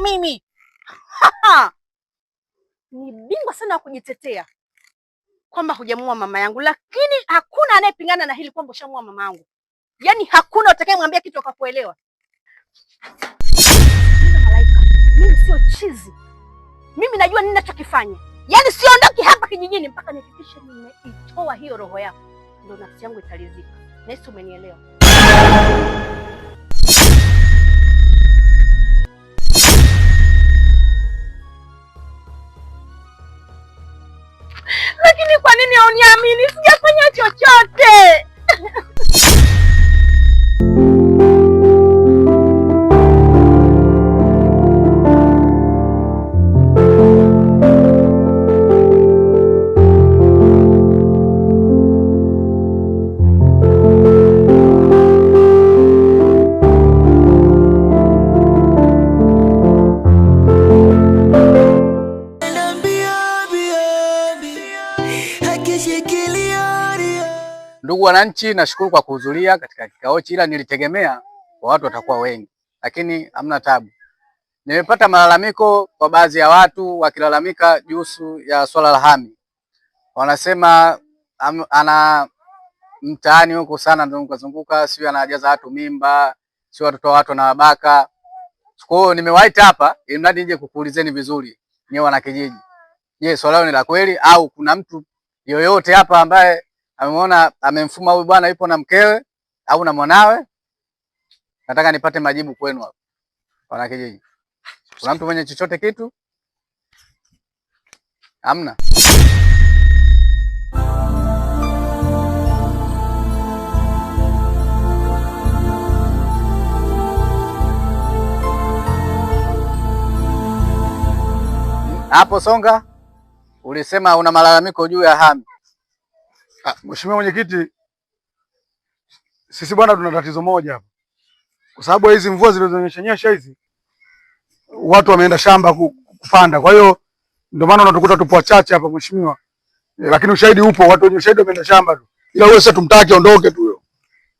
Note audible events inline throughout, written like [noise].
mimi [laughs] ni bingwa sana wa kujitetea kwamba hujamua mama yangu, lakini hakuna anayepingana na hili kwamba ushamua mama yangu. Yaani hakuna utakayemwambia kitu akakuelewa. mimi sio chizi, mimi najua ninachokifanya. Yaani siondoki hapa kijijini mpaka nihakikishe nimeitoa hiyo roho yako, ndio nafsi yangu italizika. Nahisi umenielewa. Lakini kwa nini hauniamini? Sijafanya chochote. [laughs] wananchi, nashukuru kwa kuhudhuria katika kikao hichi, ila nilitegemea kwa watu watakuwa wengi, lakini hamna tabu. Nimepata malalamiko kwa baadhi ya watu wakilalamika juu ya swala la hami, wanasema am, ana mtaani huko sana zunguka zunguka, sio anajaza watu mimba, sio watoto wa watu na wabaka. Kwa hiyo nimewaita hapa ili mradi nje kukuulizeni vizuri, nyewe wanakijiji, je, swala ni la kweli au kuna mtu yoyote hapa ambaye amemwona amemfuma huyu bwana yupo na mkewe au na mwanawe? Nataka nipate majibu kwenu hapo. wana kijiji. Kuna mtu mwenye chochote kitu? Hamna. Hapo songa, ulisema una malalamiko juu ya Hami. Ah, mheshimiwa Mwenyekiti, sisi bwana tuna tatizo moja hapa, kwa sababu hizi mvua zilizonyeshanyesha hizi watu wameenda shamba kupanda, kwa hiyo ndio maana unatukuta tupo wachache hapa mheshimiwa. Eh, lakini ushahidi upo, watu wenye ushahidi wameenda shamba tu, ila wewe sasa tumtaki aondoke tu huyo.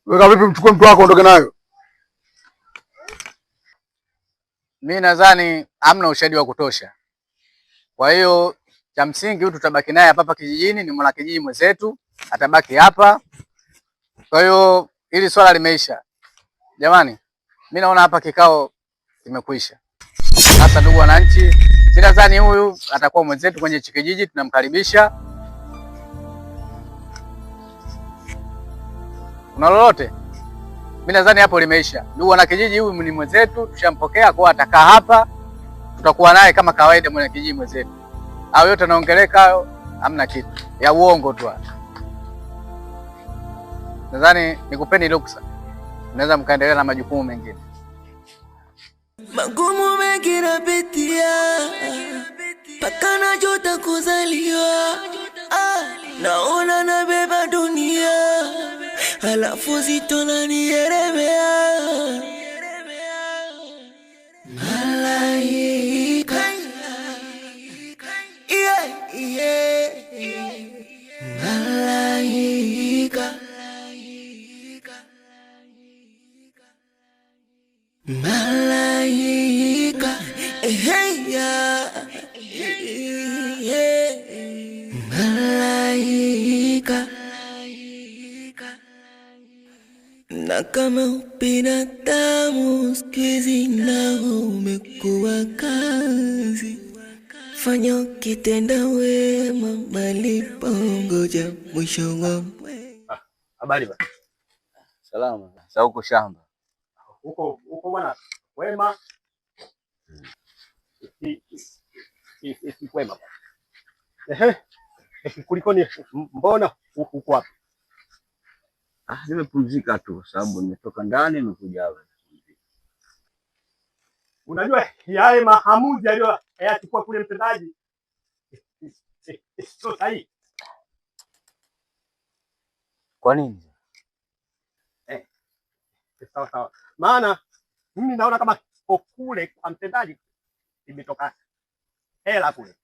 Weka vipi, mchukue mtu wako aondoke nayo? Mimi nadhani hamna ushahidi wa kutosha, kwa hiyo cha msingi huyu tutabaki naye hapa hapa kijijini, ni mwanakijiji mwenzetu atabaki hapa. Kwa hiyo hili swala limeisha. Jamani, Mi naona hapa kikao kimekwisha. Sasa ndugu wananchi, mimi nadhani huyu atakuwa mwenzetu kwenye chikijiji, tunamkaribisha. Kuna lolote? Mimi nadhani hapo limeisha. Ndugu wanakijiji, huyu ni mwenzetu, tushampokea kwa atakaa hapa, tutakuwa naye kama kawaida mwenye kijiji mwenzetu. Au yote anaongeleka hamna kitu ya uongo tu. hapa nadhani nikupeni ruksa, naweza mkaendelea na majukumu mengine. Magumu mengi napitia mpaka najota kuzaliwa, ah, naona nabeba dunia halafu zito nanielemea kama ubinadamu siku hizi nao umekuwa kazi. Fanya ukitenda wema, malipo ngoja mwisho wa habari. Ah, salama sa huko shamba huko huko bwana wema kwema, ehe, kulikoni? Mbona uko wapi Ah, nimepumzika tu sababu nimetoka ndani nimekuja hapa. Unajua yale maamuzi aliyoyachukua kule mtendaji [laughs] sio sahihi. Kwa nini? Eh, eh, sawa sawa, maana mimi naona kama kule kwa mtendaji imetoka hela kule,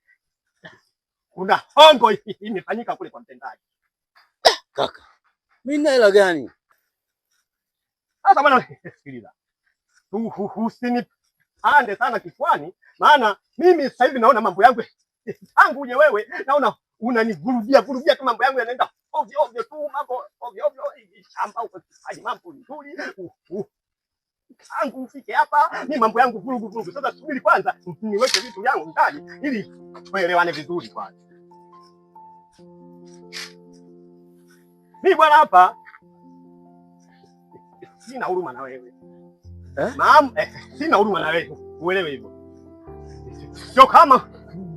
kuna hongo [laughs] imefanyika kule kwa mtendaji kaka mimi nina hela gani? Hata bwana, sikiliza, usinipande sana kichwani, maana mimi sasa hivi naona mambo yangu [laughs] tangu uje wewe, naona unanivurudia vurudia tu, mambo yangu yanaenda ovyo ovyo tu, mambo ovyo ovyo, shamba ukafaji mambo nzuri tangu ufike hapa, mi mambo yangu vurugu vurugu. Sasa subiri kwanza niweke vitu vyangu ndani, ili tuelewane vizuri kwanza. Mi bwana hapa sina huruma na wewe eh? Maam, eh, sina huruma na wewe uelewe hivyo, sio kama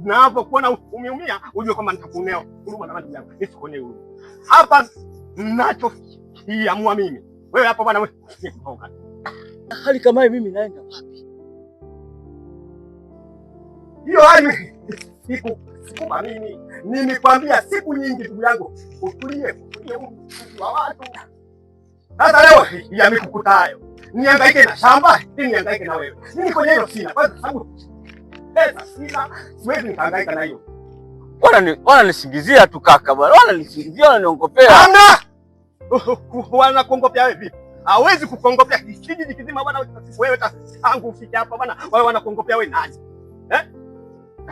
napokuona umeumia ujue kwamba nitakuonea huruma na ndugu yangu. Nisikuonee huruma hapa, ninachokiamua mimi. Wewe hapa bwana, wewe hali kama hii, mimi naenda wapi? hiyo hali siku sikuma mimi nimekwambia siku nyingi, ndugu yangu, utulie, utulie wa watu. Sasa leo yamekukuta hayo, niangaike na shamba ni niangaike na wewe, mimi kwenye hilo sina, kwa sababu pesa sina, siwezi nikaangaika na hiyo. Wananisingizia tu kaka bwana, wananisingizia, wananiongopea. Wanakuongopea wewe vipi? Hawezi kukuongopea kijiji kizima bwana, wewe tangu ufike hapa bwana, wanakuongopea wewe nani?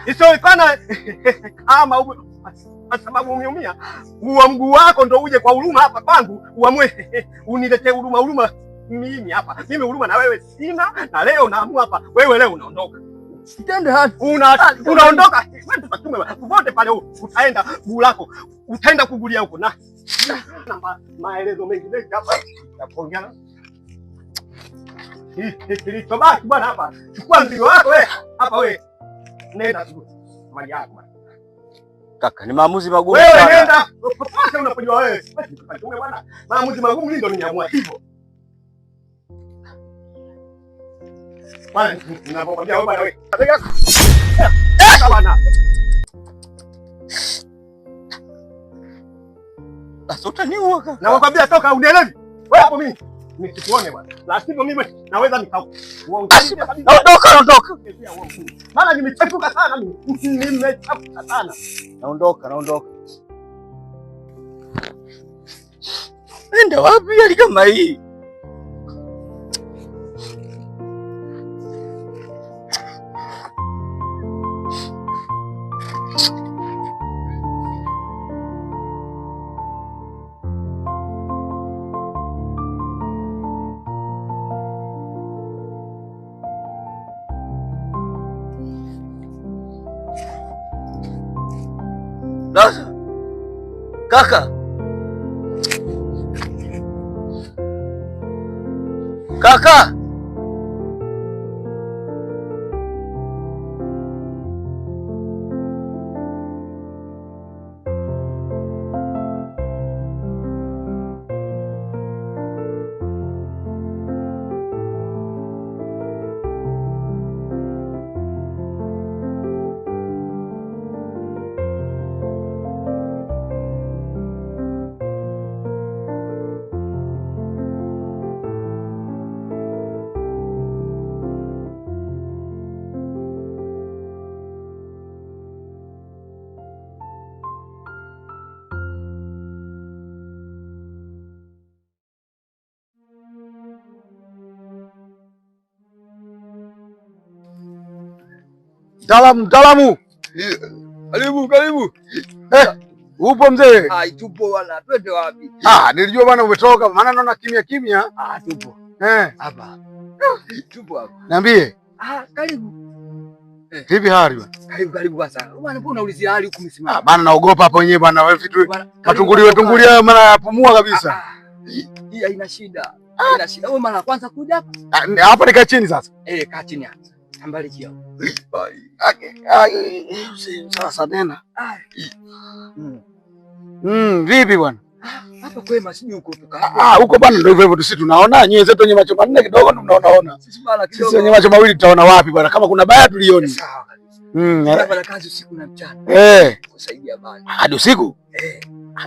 isiowekana [laughs] kama kwa sababu umeumia, uwa mguu wako ndo uje kwa huruma hapa kwangu, uamue [laughs] uniletee huruma. Huruma mimi hapa, mimi huruma na wewe sina, na leo naamua hapa, wewe leo unaondoka unaondoka popote pale utaenda, guu lako utaenda kugulia huko. Na maelezo mengi mengi hapa yakuongea, kilichobaki bwana, hapa chukua mzigo wako hapa wewe nenda mali yako Kaka, ni maamuzi magumu sana. Wewe nenda unapojua wewe. Bwana, maamuzi magumu ndio nimeamua hivyo. wewe bwana wewe. Bwana. utaniua Nakwambia toka, unielewi? Wewe hapo mimi nisikuone bwana, la sivyo mimi naweza nikakuondoka. naondoka maana nimechafuka sana, nimechafuka sana. Naondoka, naondoka. Enda wapi hali kama hii? Sasa kaka, kaka Mtaalamu, mtaalamu. Karibu, karibu. Eh, upo mzee? Ah, tupo bwana. Twende wapi? Ah, nilijua bwana umetoka maana naona kimya kimya. Ah, tupo. Eh, hapa. Tupo hapa. Niambie. Ah, karibu. Eh. Vipi hali bwana? Karibu, karibu sana. Bwana, mbona unaulizia hali huko msimama? Ah, bwana naogopa hapo wenyewe bwana. Wewe vitu matunguliwe tungulia maana yapumua kabisa. Ah, ah. Hii haina shida. Ah. Haina shida. Wewe mara kwanza kuja hapa? Hapa nikaa chini sasa. Eh, kaa chini hapa. Habari jioni. Sasa tena mm. mm, vipi bwana? Hapa kwema sijui uko kutoka. Ah, huko ah, bwana ndio hivyo hivyo sisi tunaona, nyewe zetu wenye macho manne kidogo ndio mnaonaona. Sisi wenye macho mawili tutaona wapi bwana? Kama kuna baya tulioni. Sawa kabisa. Mm, eh. kazi usiku na mchana. Eh. Kusaidia bwana. Hadi usiku? Eh.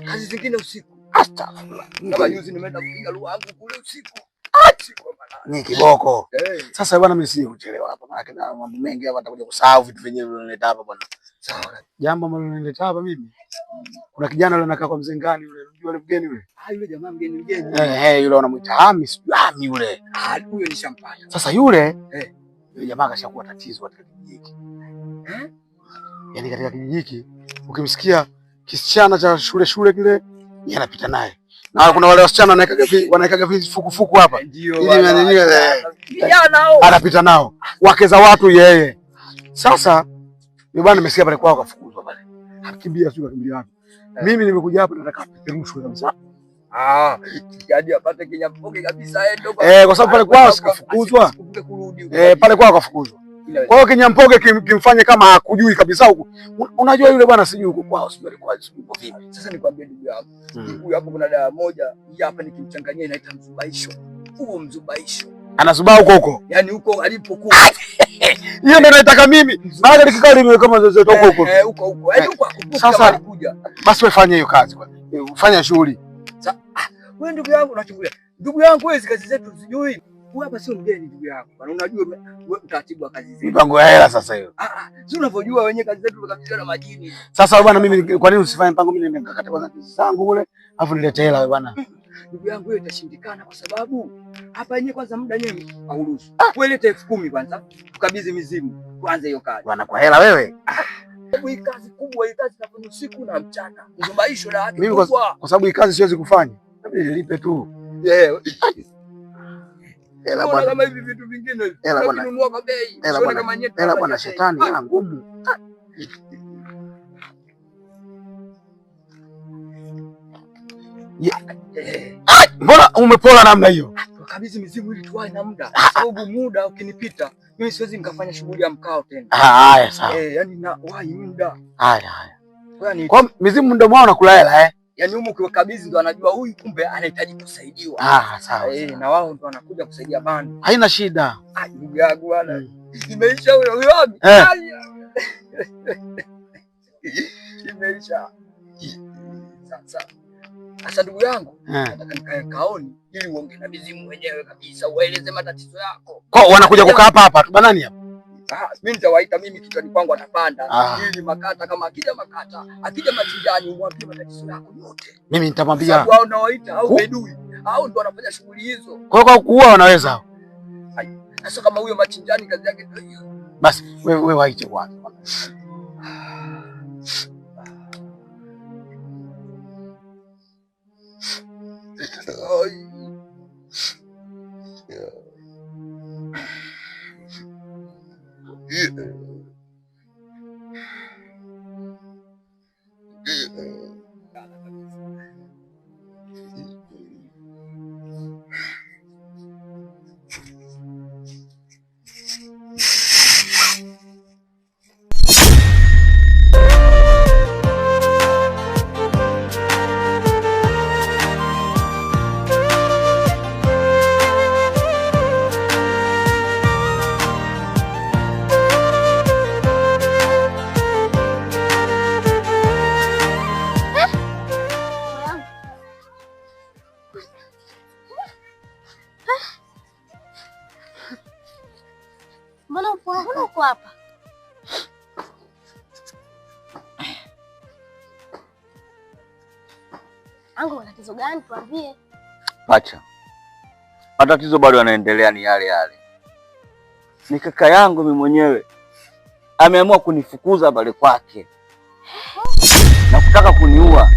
Kazi zingine usiku. Astaghfirullah. Kama juzi nimeenda kupiga luangu kule usiku ni kiboko. Sasa bwana, mimi si kuchelewa hapa, maana kuna mambo mengi hapa, nitakuja kusahau vitu vyenyewe nilileta hapa bwana. Sawa. Jambo ambalo nilileta hapa mimi, kuna kijana yule anakaa kwa mzengani yule, unajua yule mgeni yule. Ah, yule jamaa mgeni mgeni. Eh, eh, yule wanamuita Hami, sio Hami yule. Ah, huyo ni shampanya. Sasa yule eh, yule jamaa kashakuwa tatizo katika kijiji hiki. Eh? Yaani katika kijiji hiki ukimsikia kisichana cha shule shule kile, yeye anapita naye na ah, kuna wale wasichana wanaekaga wanaekaga vifukufuku hapa, eh, ili eh, anapita nao wake za watu yeye. Sasa ni bwana, nimesikia pale kwao kafukuzwa pale, akimbia sio akimbia wapi? Eh. Mimi nimekuja hapa nataka kupeperushwa ah, kabisa. Ah, yaani apate kinyapoke kabisa, eh, kwa sababu pale kwao sikafukuzwa, eh, pale kwao kafukuzwa kwa hiyo Kinyampoge kimfanye kama hakujui kabisa huko. Mm. Unajua yule bwana sijui huko kwao sijui alikuwa yuko vipi. Sasa nikwambie ndugu yangu. Huyu mm. hapo kuna dawa moja hapa nikimchanganyia inaitwa mzubaisho. Huo mzubaisho. Anasubaa huko huko. Yaani huko alipokuwa. [laughs] Hiyo ndio naitaka mimi. Baada nikikaa nime kama zote huko huko. Eh, huko huko. Yaani huko akukuja. Sasa alikuja. basi wewe fanya hiyo kazi kwa. Ufanya eh, shughuli. Ah, wewe ndugu yangu unachungulia. Ndugu yangu wewe kazi zetu sijui. Wewe hapa sio mgeni ndugu yako. Bana unajua wewe utaratibu wa kazi zetu. Mipango ya hela sasa hiyo. Ah ah, sio unavyojua wenyewe kazi zetu tumekabidhiwa na majini. Sasa bwana mimi kwa nini usifanye mpango mimi niende nikakata kwanza pesa zangu kule, alafu nilete hela wewe bwana. Hmm. Ndugu yangu hiyo itashindikana kwa sababu hapa yenyewe kwanza muda yenyewe hauruhusu. Ah. Wewe leta 10000 kwanza tukabidhi mizimu kwanza hiyo kazi. Bwana kwa hela wewe. Ah. Hii kazi kubwa, hii kazi nafanya usiku na mchana. Mzumaisho na haki kubwa. kwa sababu hii kazi siwezi kufanya. nilipe tu. Yeah. [laughs] kama hivi vitu vingine kwa bei, hela bwana, shetani ngumu. Ah. Ah, mbona umepola namna hiyo? Ah, Kabisa mizimu ili tuwae na muda, sababu muda ukinipita mimi siwezi nikafanya shughuli ya mkao tena. Haya sawa, eh, yani na wahi muda. Haya haya, kwa mizimu ndio mwana nakula hela eh yani huko ukiwakabidhi ndo anajua huyu kumbe anahitaji kusaidiwa. Ah, sawa. Eh, na wao ndo wanakuja kusaidia bana. Haina shida. Ah, ndugu yangu bwana. Hmm. Imeisha huyo huyo. Eh. [laughs] Imeisha. Sasa. Sasa ndugu yangu, eh. nataka nikae kaoni ili uongee na bizimu wenyewe kabisa, ueleze matatizo yako. Kwa wanakuja kukaa hapa hapa. Banani hapa. Ah, mimi nitawaita mimi kichwani kwangu atapanda. Ah. Ili makata kama akija makata, akija machinjani umwambie matatizo yako yote. Mimi nitamwambia. Sababu hao nawaita au bedui, au ndio wanafanya shughuli hizo. Kwa kwa kuua wanaweza. Sasa kama huyo machinjani kazi yake ndio hiyo. Basi wewe wewe waite Oh, yani tuambie. Pacha, matatizo bado yanaendelea, ni yale yale. Ni kaka yangu mimi mwenyewe ameamua kunifukuza pale kwake na kutaka kuniua.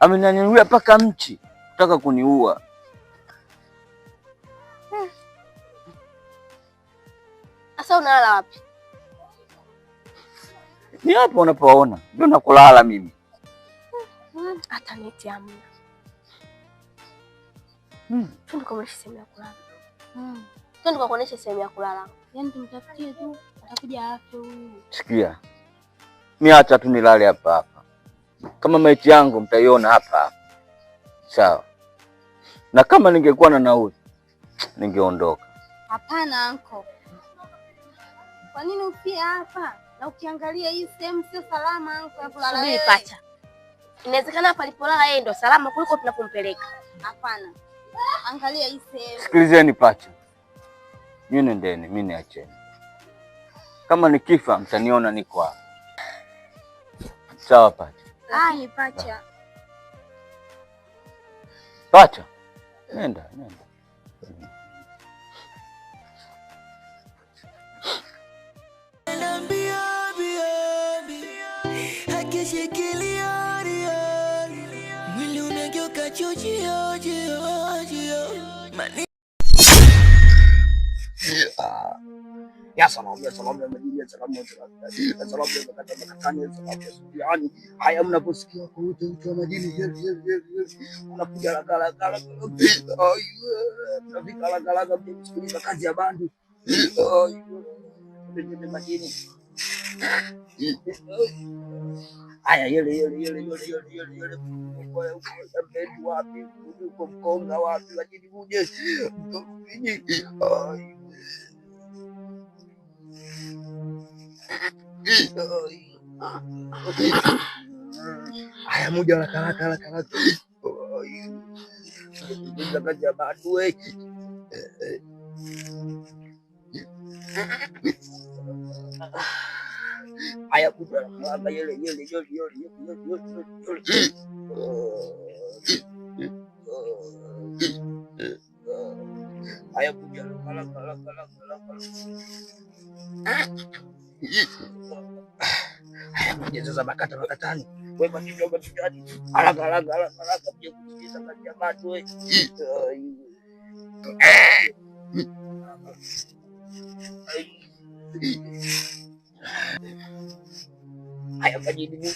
Amenaniulia mpaka mchi kutaka kuniua. Sasa unalala wapi? Ni hapo unapoona ndio nakulala mimi hata neti hamna. sehemu ya kulala. Hmm. sehemu ya kulala. Yaani tumtafutie tu atakuja Sikia. acha tu nilale hapa hapa. Kama maiti yangu mtaiona hapa hapa. Sawa. Na kama ningekuwa na nauli ningeondoka. Hapana anko. Kwa nini upie hapa? Na ukiangalia hii sehemu sio salama anko ya kulala. Subiri pacha inawezekana palipolala yeye ndo salama kuliko tunapompeleka. Hapana, angalia hii sehemu. Sikilizeni pacha, mimi nendeni, mimi niacheni. Kama nikifa mtaniona niko hapa, sawa pacha? Ai, pacha, pacha, nenda nenda. ya salam ya salam يا salam ya salam يا سلام يا salam salam مكان يا مكان salam سلام يا يعني حياة منافسكي يا قوت يا مدينة يا يا يا يا unakuja lagala gala nafika lagala gamkuliza kazi ya bandu kwenye madini haya yele yele yele yele yele yele yele mpendi wapi uko mkonga wapi lakini uje mtoto Haya, muja haraka haraka haraka haraka, kazi ya batu we Haya, kuta yele yele yele yele yele haya, kuja haraka haraka haraka haraka sasa bakata bakatani, haraka haraka haraka, mje kusikiliza kati ya watu wewe. Haya, fanye nini?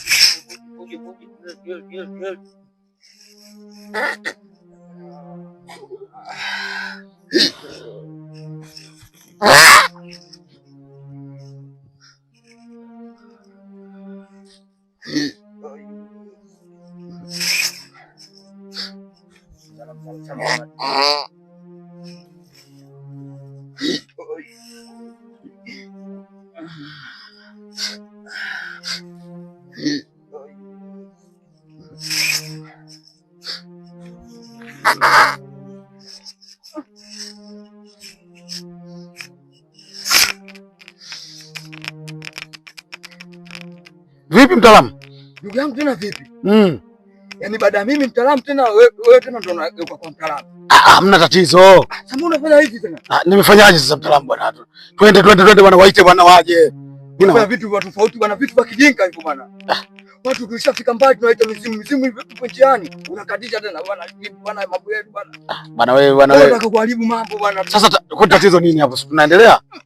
mtaalamu. Ndugu yangu tena vipi? Mm. Yaani baada ya mimi mtaalamu tena wewe tena ndio unageuka kwa mtaalamu. Ah, ah, hamna tatizo. Ah, sasa mbona unafanya hivi tena? Ah, nimefanyaje sasa mtaalamu bwana? Twende twende twende bwana waite bwana waje. Kuna vitu vya tofauti bwana, vitu vya kijinga hivyo bwana. Ah. Watu kishafika mbali tunaita mizimu, mizimu ipo njiani. Unakatisha tena bwana, vipi bwana mambo yetu bwana. Ah, Bwana wewe bwana wewe. Unataka kuharibu mambo bwana. Sasa kuna tatizo nini hapo? Tunaendelea? Hmm.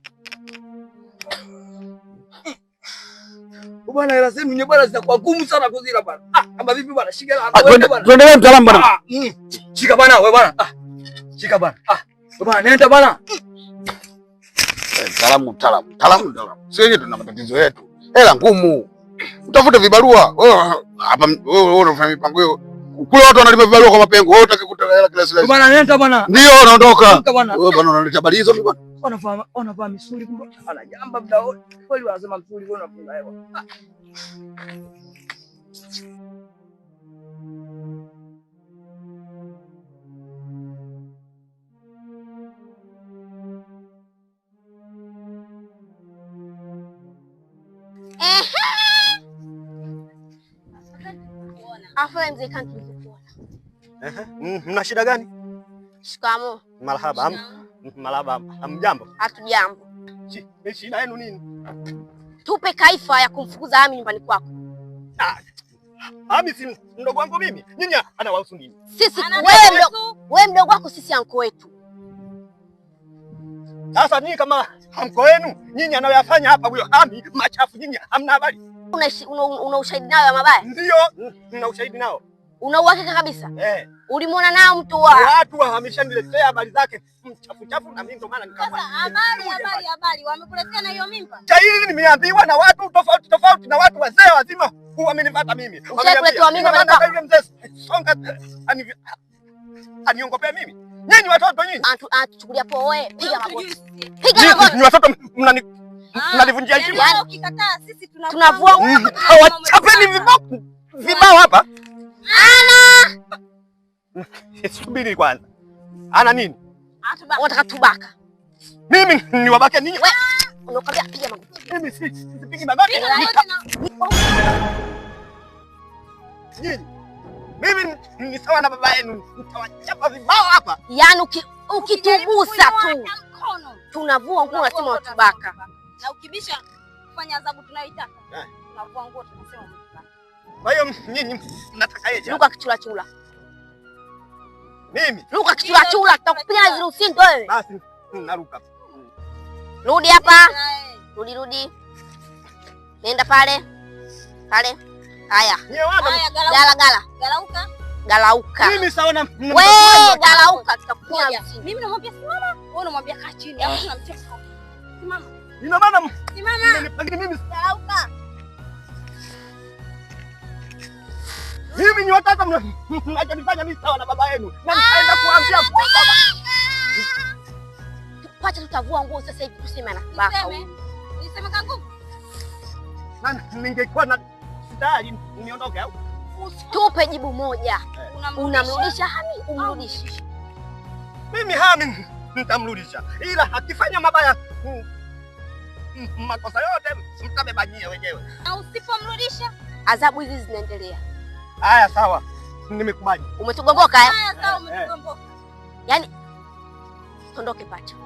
Bwana hela zenu nye bwana zitakuwa gumu sana kuzila bwana. Ah, kama vipi bwana? Shika ah, bwana. Tuendelee mtaalamu bwana. Ah, mm. shika bwana wewe bwana. Ah. Shika bwana. Ah. Bwana nenda bwana. Eh, mtaalamu mtaalamu. Mtaalamu mtaalamu. Sisi tuna matatizo yetu. Hela ngumu. Utafute vibarua. Wewe hapa wewe unafanya mipango hiyo. Kule watu wanalima vibarua kwa mapengo. Wewe utaki kutoa hela kila siku. Bwana nenda bwana. Ndio naondoka. Wewe bwana unaleta bali hizo bwana wanavaa wanavaa misuli kumbe ana jamba mda wote. Kweli wanasema msuli kweli unapunga hewa. Ah. Afa mzee kantu kuona. Ehe, mm, mna shida gani? Shikamoo. Marhaba. Malaba, amjambo? Hatujambo. Shida yenu nini? Tupe kaifa ya kumfukuza Ami nyumbani kwako. Ah, Ami si mdogo wangu mimi. Nyinyi anawahusu nini? Sisi wewe wewe mdogo wako sisi anko wetu. Sasa nyinyi kama anko wenu, nyinyi anayoyafanya hapa huyo Ami machafu nyinyi hamna habari. Una una ushahidi nayo ya mabaya? Ndio, nina ushahidi nao. Una uhakika kabisa eh? Ulimwona nao mtu wa watu wahamishandiletea habari zake mchafu chafu, na mimi ndo maana nikamwambia habari habari habari, wamekuletea na hiyo mimba tayari. Nimeambiwa na watu tofauti tofauti na watu wazee wazima, wamenifuata mimi, aniongopea mimi. Nyinyi watoto nyinyi, atuchukulia poe, piga magoti, piga magoti. Nyinyi watoto mnani ah, mnanivunjia heshima, tunavua, mm. wachapeni vibao hapa Subiri kwanza. Ana nini? Anataka tubaka. Mimi ni wabake nini? Wewe unakwambia piga magoti. Mimi si sipigi magoti. Nini? Mimi ni sawa na baba yenu. Nitawachapa vibao hapa. Yaani uki, ukitugusa tu tunavua nguo na unasema watubaka. Na ukibisha kufanya adhabu tunayoitaka. Tunavua eh. nguo tunasema watubaka. Kwa hiyo nyinyi mnataka yeye. Luka kichula chula. Mimi. Ruka kichula chula tutakupiga hizo usindo wewe. Basi hmm, naruka. Rudi hapa. Rudi rudi. Nenda pale. Pale. Haya. gala gala. Galauka. Galauka. Mimi saona wewe galauka tutakupiga. Mimi namwambia simama, wewe unamwambia kaa chini. Eh. Simama. Ina maana simama. Mimi galauka. Hivi ni watata [laughs] mnachonifanya mimi sawa na baba yenu. Na nitaenda kuambia baba. Pacha tutavua nguo sasa hivi tuseme na baba Niseme kangu. Nani ningekuwa na tayari niondoke au? Usitupe jibu moja. Eh. Unamrudisha Hami, Umrudishi? Mimi Hami nitamrudisha. Ila akifanya mabaya hmm, hmm, makosa yote mtabebanyia wenyewe. Na usipomrudisha adhabu hizi zinaendelea. Haya, sawa, nimekubali. Umetugomboka eh? Haya, sawa, umetugomboka. Eh. Yaani, tondoke pacha.